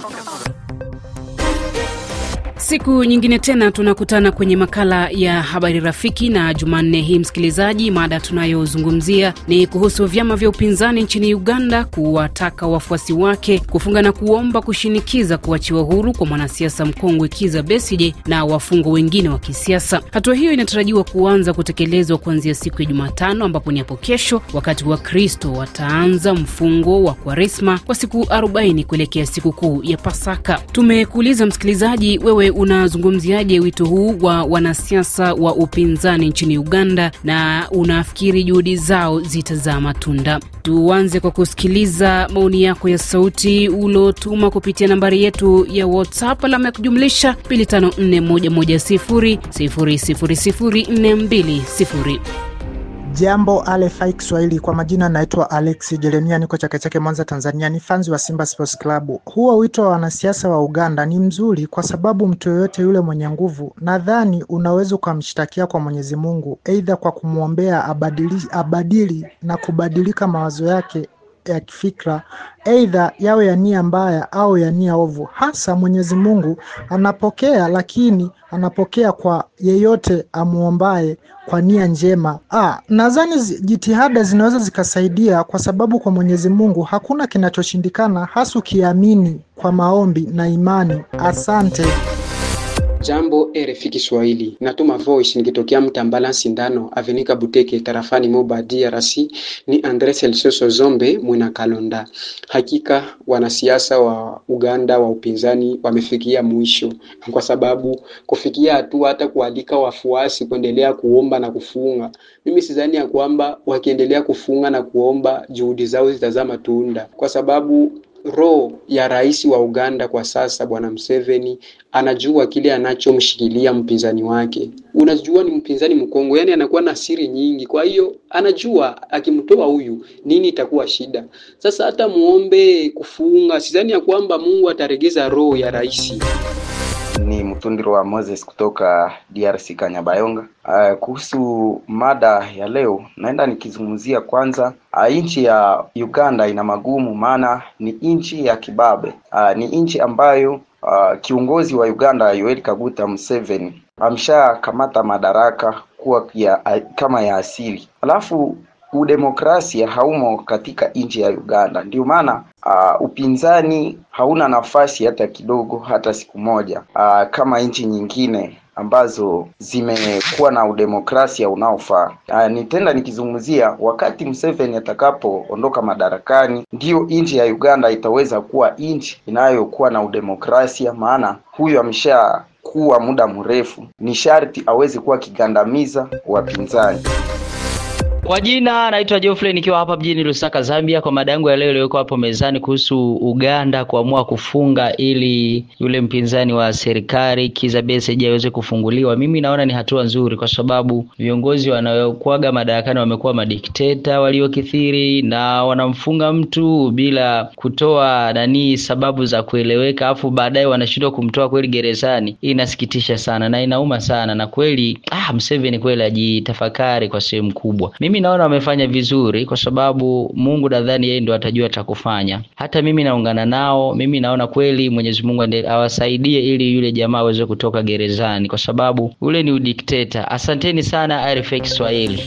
Pocket Pocket Pocket Siku nyingine tena tunakutana kwenye makala ya habari rafiki, na Jumanne hii msikilizaji, mada tunayozungumzia ni kuhusu vyama vya upinzani nchini Uganda kuwataka wafuasi wake kufunga na kuomba kushinikiza kuachiwa huru kwa mwanasiasa mkongwe Kiza Besije na wafungwa wengine wa kisiasa. Hatua hiyo inatarajiwa kuanza kutekelezwa kuanzia siku ya Jumatano, ambapo ni hapo kesho, wakati Wakristo wataanza mfungo wa Kwaresma kwa siku 40 kuelekea sikukuu ya Pasaka. Tumekuuliza msikilizaji, wewe unazungumziaje wito huu wa wanasiasa wa upinzani nchini Uganda na unafikiri juhudi zao zitazaa matunda? Tuanze kwa kusikiliza maoni yako ya sauti uliotuma kupitia nambari yetu ya WhatsApp alama ya kujumlisha 0 Jambo RFI Kiswahili, kwa majina naitwa Alex Jeremia, niko Chake Chake, Mwanza, Tanzania. Ni fans wa Simba Sports Club. Huo wito wa wanasiasa wa Uganda ni mzuri, kwa sababu mtu yoyote yule mwenye nguvu, nadhani unaweza ukamshtakia kwa Mwenyezi Mungu, aidha kwa kumwombea abadili, abadili na kubadilika mawazo yake ya kifikra, aidha yawe ya nia mbaya au ya nia ovu. Hasa Mwenyezi Mungu anapokea, lakini anapokea kwa yeyote amuombaye kwa nia njema. Ah, nadhani jitihada zinaweza zikasaidia, kwa sababu kwa Mwenyezi Mungu hakuna kinachoshindikana, hasa ukiamini kwa maombi na imani. Asante. Jambo RFI Kiswahili, natuma voice nikitokea Mtambala Sindano Avenika Buteke tarafani Moba DRC. Ni Andre Celsoso Zombe Mwina Kalonda. Hakika wanasiasa wa Uganda wa upinzani wamefikia mwisho, kwa sababu kufikia hatua hata kualika wafuasi kuendelea kuomba na kufunga, mimi sidhani ya kwamba wakiendelea kufunga na kuomba juhudi zao zitazaa matunda, kwa sababu roho ya rais wa Uganda kwa sasa, bwana Museveni anajua kile anachomshikilia mpinzani wake. Unajua ni mpinzani mkongwe, yani anakuwa na siri nyingi, kwa hiyo anajua akimtoa huyu nini itakuwa shida. Sasa hata muombe kufunga, sidhani ya kwamba Mungu ataregeza roho ya rais ni Mtundiro wa Moses kutoka DRC Kanyabayonga. Uh, kuhusu mada ya leo naenda nikizungumzia kwanza, uh, ah, nchi ya Uganda ina magumu, maana ni nchi ya kibabe. Uh, ni nchi ambayo uh, kiongozi wa Uganda Yoweri Kaguta Museveni ameshakamata madaraka kuwa ya, kama ya asili, alafu udemokrasia haumo katika nchi ya Uganda, ndio maana Uh, upinzani hauna nafasi hata kidogo, hata siku moja, uh, kama nchi nyingine ambazo zimekuwa na udemokrasia unaofaa. Ah, Nitenda nikizungumzia wakati Museveni atakapoondoka madarakani, ndiyo nchi ya Uganda itaweza kuwa nchi inayokuwa na udemokrasia, maana huyu ameshakuwa muda mrefu. Ni sharti aweze kuwa kigandamiza wapinzani. Kwa jina naitwa Geoffrey nikiwa hapa mjini Lusaka, Zambia, kwa mada yangu ya leo iliyoko hapo mezani kuhusu Uganda kuamua kufunga ili yule mpinzani wa serikali Kizza Besigye aweze kufunguliwa. Mimi naona ni hatua nzuri, kwa sababu viongozi wanaokuaga madarakani wamekuwa madikteta waliokithiri na wanamfunga mtu bila kutoa nani sababu za kueleweka, afu baadaye wanashindwa kumtoa kweli gerezani. inasikitisha sana na inauma sana, na kweli ah, Museveni kweli ajitafakari kwa sehemu kubwa. Mimi mimi naona wamefanya vizuri, kwa sababu Mungu nadhani yeye ndo atajua cha kufanya. Hata mimi naungana nao, mimi naona kweli Mwenyezi Mungu awasaidie ili yule jamaa aweze kutoka gerezani, kwa sababu ule ni udikteta. Asanteni sana RFI Kiswahili.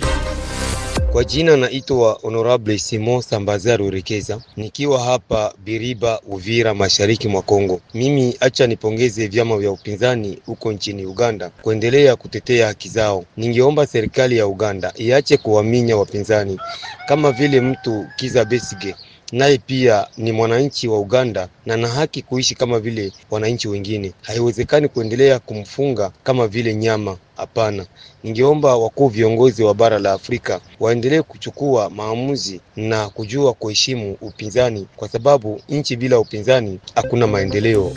Kwa jina naitwa Honorable Simon Sambazaru Rekeza, nikiwa hapa Biriba, Uvira, mashariki mwa Kongo. Mimi acha nipongeze vyama vya upinzani huko nchini Uganda kuendelea kutetea haki zao. Ningeomba serikali ya Uganda iache kuwaminya wapinzani kama vile mtu Kiza Besige naye pia ni mwananchi wa Uganda na na haki kuishi kama vile wananchi wengine. Haiwezekani kuendelea kumfunga kama vile nyama. Hapana, ningeomba wakuu viongozi wa bara la Afrika waendelee kuchukua maamuzi na kujua kuheshimu upinzani, kwa sababu nchi bila upinzani hakuna maendeleo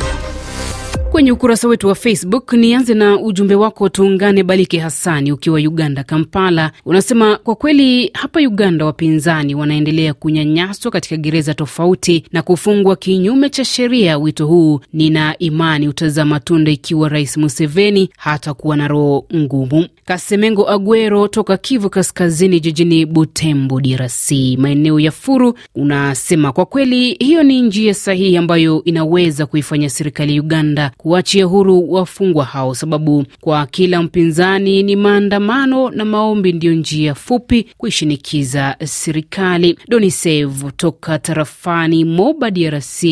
kwenye ukurasa wetu wa Facebook. Nianze na ujumbe wako, tuungane. Balike Hasani ukiwa Uganda, Kampala, unasema kwa kweli hapa Uganda wapinzani wanaendelea kunyanyaswa katika gereza tofauti na kufungwa kinyume cha sheria. Wito huu nina imani utazaa matunda ikiwa Rais Museveni hatakuwa na roho ngumu. Kasemengo Aguero toka Kivu Kaskazini, jijini Butembo, DRC, maeneo ya Furu, unasema kwa kweli hiyo ni njia sahihi ambayo inaweza kuifanya serikali Uganda kuachia huru wafungwa hao, sababu kwa kila mpinzani ni maandamano na maombi ndiyo njia fupi kuishinikiza serikali. Donisev toka tarafani Moba, DRC,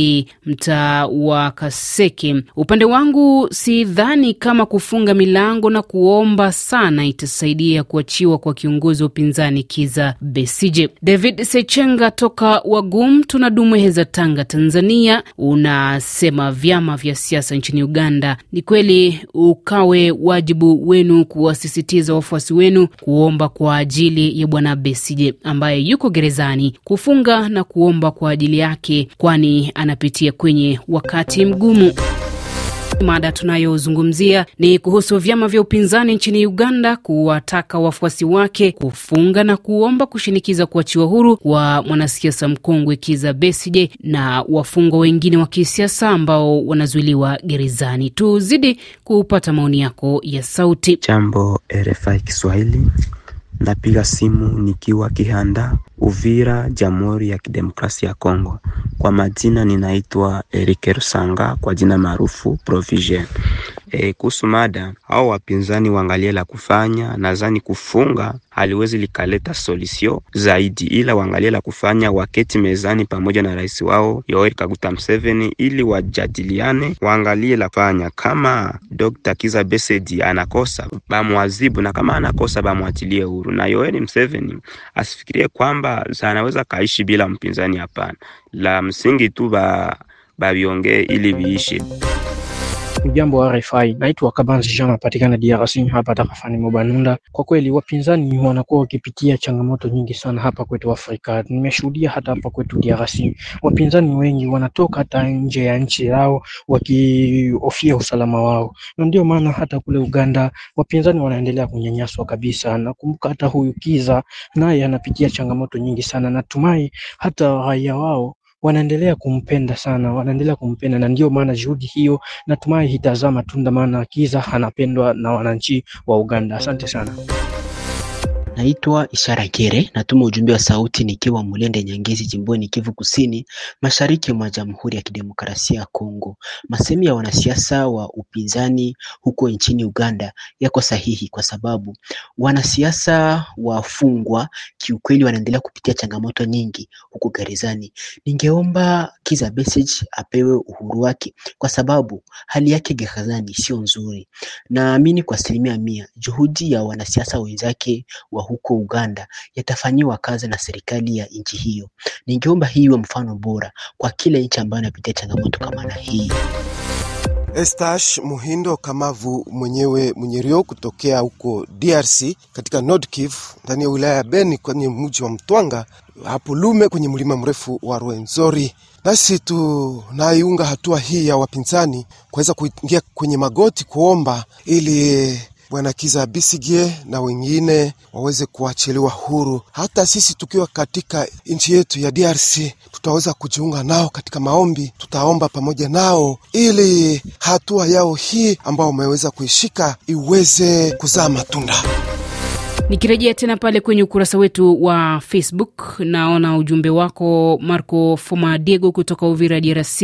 mtaa wa Kaseke. Upande wangu sidhani kama kufunga milango na kuomba sana itasaidia kuachiwa kwa kiongozi wa upinzani Kiza Besije. David Sechenga toka Wagum, tuna dumweheza Tanga, Tanzania, unasema vyama vya siasa nchini Uganda. Ni kweli ukawe wajibu wenu kuwasisitiza wafuasi wenu kuomba kwa ajili ya Bwana besije ambaye yuko gerezani, kufunga na kuomba kwa ajili yake, kwani anapitia kwenye wakati mgumu. Mada tunayozungumzia ni kuhusu vyama vya upinzani nchini Uganda kuwataka wafuasi wake kufunga na kuomba kushinikiza kuachiwa huru kwa mwanasiasa mkongwe Kiza Besije na wafungwa wengine wa kisiasa ambao wanazuiliwa gerezani. Tuzidi kupata maoni yako ya sauti. Jambo RFI Kiswahili. Napiga simu nikiwa Kihanda, Uvira, Jamhuri ya Kidemokrasia ya Kongo. Kwa majina ninaitwa Eric Rusanga, kwa jina maarufu Provision. E, kuhusu mada au wapinzani waangalie la kufanya, nadhani kufunga haliwezi likaleta solisio zaidi, ila waangalie la kufanya, waketi mezani pamoja na rais wao Yoweri Kaguta Museveni ili wajadiliane, waangalie la kufanya. Kama Dr. Kiza Besedi anakosa bamwazibu, na kama anakosa bamwatilie huru, na Yoweri Museveni asifikirie kwamba anaweza kaishi bila mpinzani. Hapana, la msingi tu ba babiongee ili viishi. Ujambo wa RFI, naitwa Kabanzi Jean, napatikana DRC hapa tarafani Mobanunda. Kwa kweli wapinzani wanakuwa wakipitia changamoto nyingi sana hapa kwetu Afrika. Nimeshuhudia hata hapa kwetu DRC, wapinzani wengi wanatoka hata nje ya nchi yao wakihofia usalama wao, na ndio maana hata kule Uganda wapinzani wanaendelea kunyanyaswa kabisa. Nakumbuka hata huyu Kiza naye anapitia changamoto nyingi sana. Natumai hata raia wao wanaendelea kumpenda sana, wanaendelea kumpenda na ndio maana juhudi hiyo natumai itazaa matunda, maana Kiza anapendwa na wananchi wa Uganda. Asante sana. Naitwa Ishara Kere, natuma ujumbe wa sauti nikiwa Mulende Nyangezi, jimboni Kivu Kusini, mashariki mwa Jamhuri ya Kidemokrasia ya Kongo. Masemi ya wanasiasa wa upinzani huko nchini Uganda yako sahihi, kwa sababu wanasiasa wafungwa kiukweli wanaendelea kupitia changamoto nyingi huko gerezani. Ningeomba Kiza Besigye apewe uhuru wake, kwa sababu hali yake gerezani sio nzuri. Naamini kwa asilimia mia juhudi ya wanasiasa wenzake wa wa huko Uganda yatafanyiwa kazi na serikali ya nchi hiyo. Ningeomba hii iwe mfano bora kwa kila nchi ambayo inapitia changamoto kama na hii. Estash Muhindo Kamavu mwenyewe mwenyerio kutokea huko DRC katika Nord Kivu ndani ya wilaya ya Beni kwenye mji wa Mtwanga hapo Lume kwenye mlima mrefu wa Rwenzori. Basi tunaiunga hatua hii ya wapinzani kuweza kuingia kwenye magoti kuomba ili bwana Kiza Bisigie na wengine waweze kuachiliwa huru. Hata sisi tukiwa katika nchi yetu ya DRC tutaweza kujiunga nao katika maombi, tutaomba pamoja nao ili hatua yao hii ambayo wameweza kuishika iweze kuzaa matunda. Nikirejea tena pale kwenye ukurasa wetu wa Facebook, naona ujumbe wako Marco Foma Diego kutoka Uvira, DRC,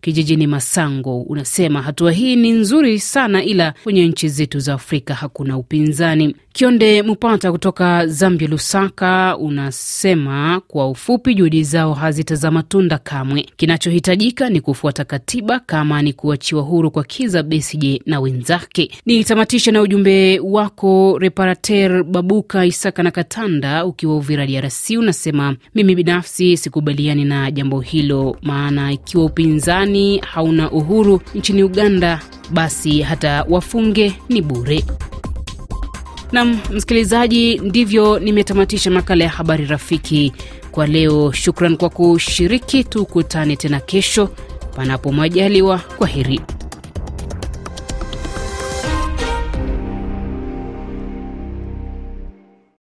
kijijini Masango. Unasema hatua hii ni nzuri sana, ila kwenye nchi zetu za Afrika hakuna upinzani. Kionde Mupata kutoka Zambia, Lusaka, unasema kwa ufupi, juhudi zao hazitazaa matunda kamwe. Kinachohitajika ni kufuata katiba, kama ni kuachiwa huru kwa Kiza Besije na wenzake. Nitamatisha na ujumbe wako Reparater Babuka Isaka na Katanda ukiwa Uvira DRC unasema mimi binafsi sikubaliani na jambo hilo, maana ikiwa upinzani hauna uhuru nchini Uganda, basi hata wafunge ni bure. Nam msikilizaji, ndivyo nimetamatisha makala ya habari rafiki kwa leo. Shukran kwa kushiriki, tukutane tena kesho panapo majaliwa. Kwa heri.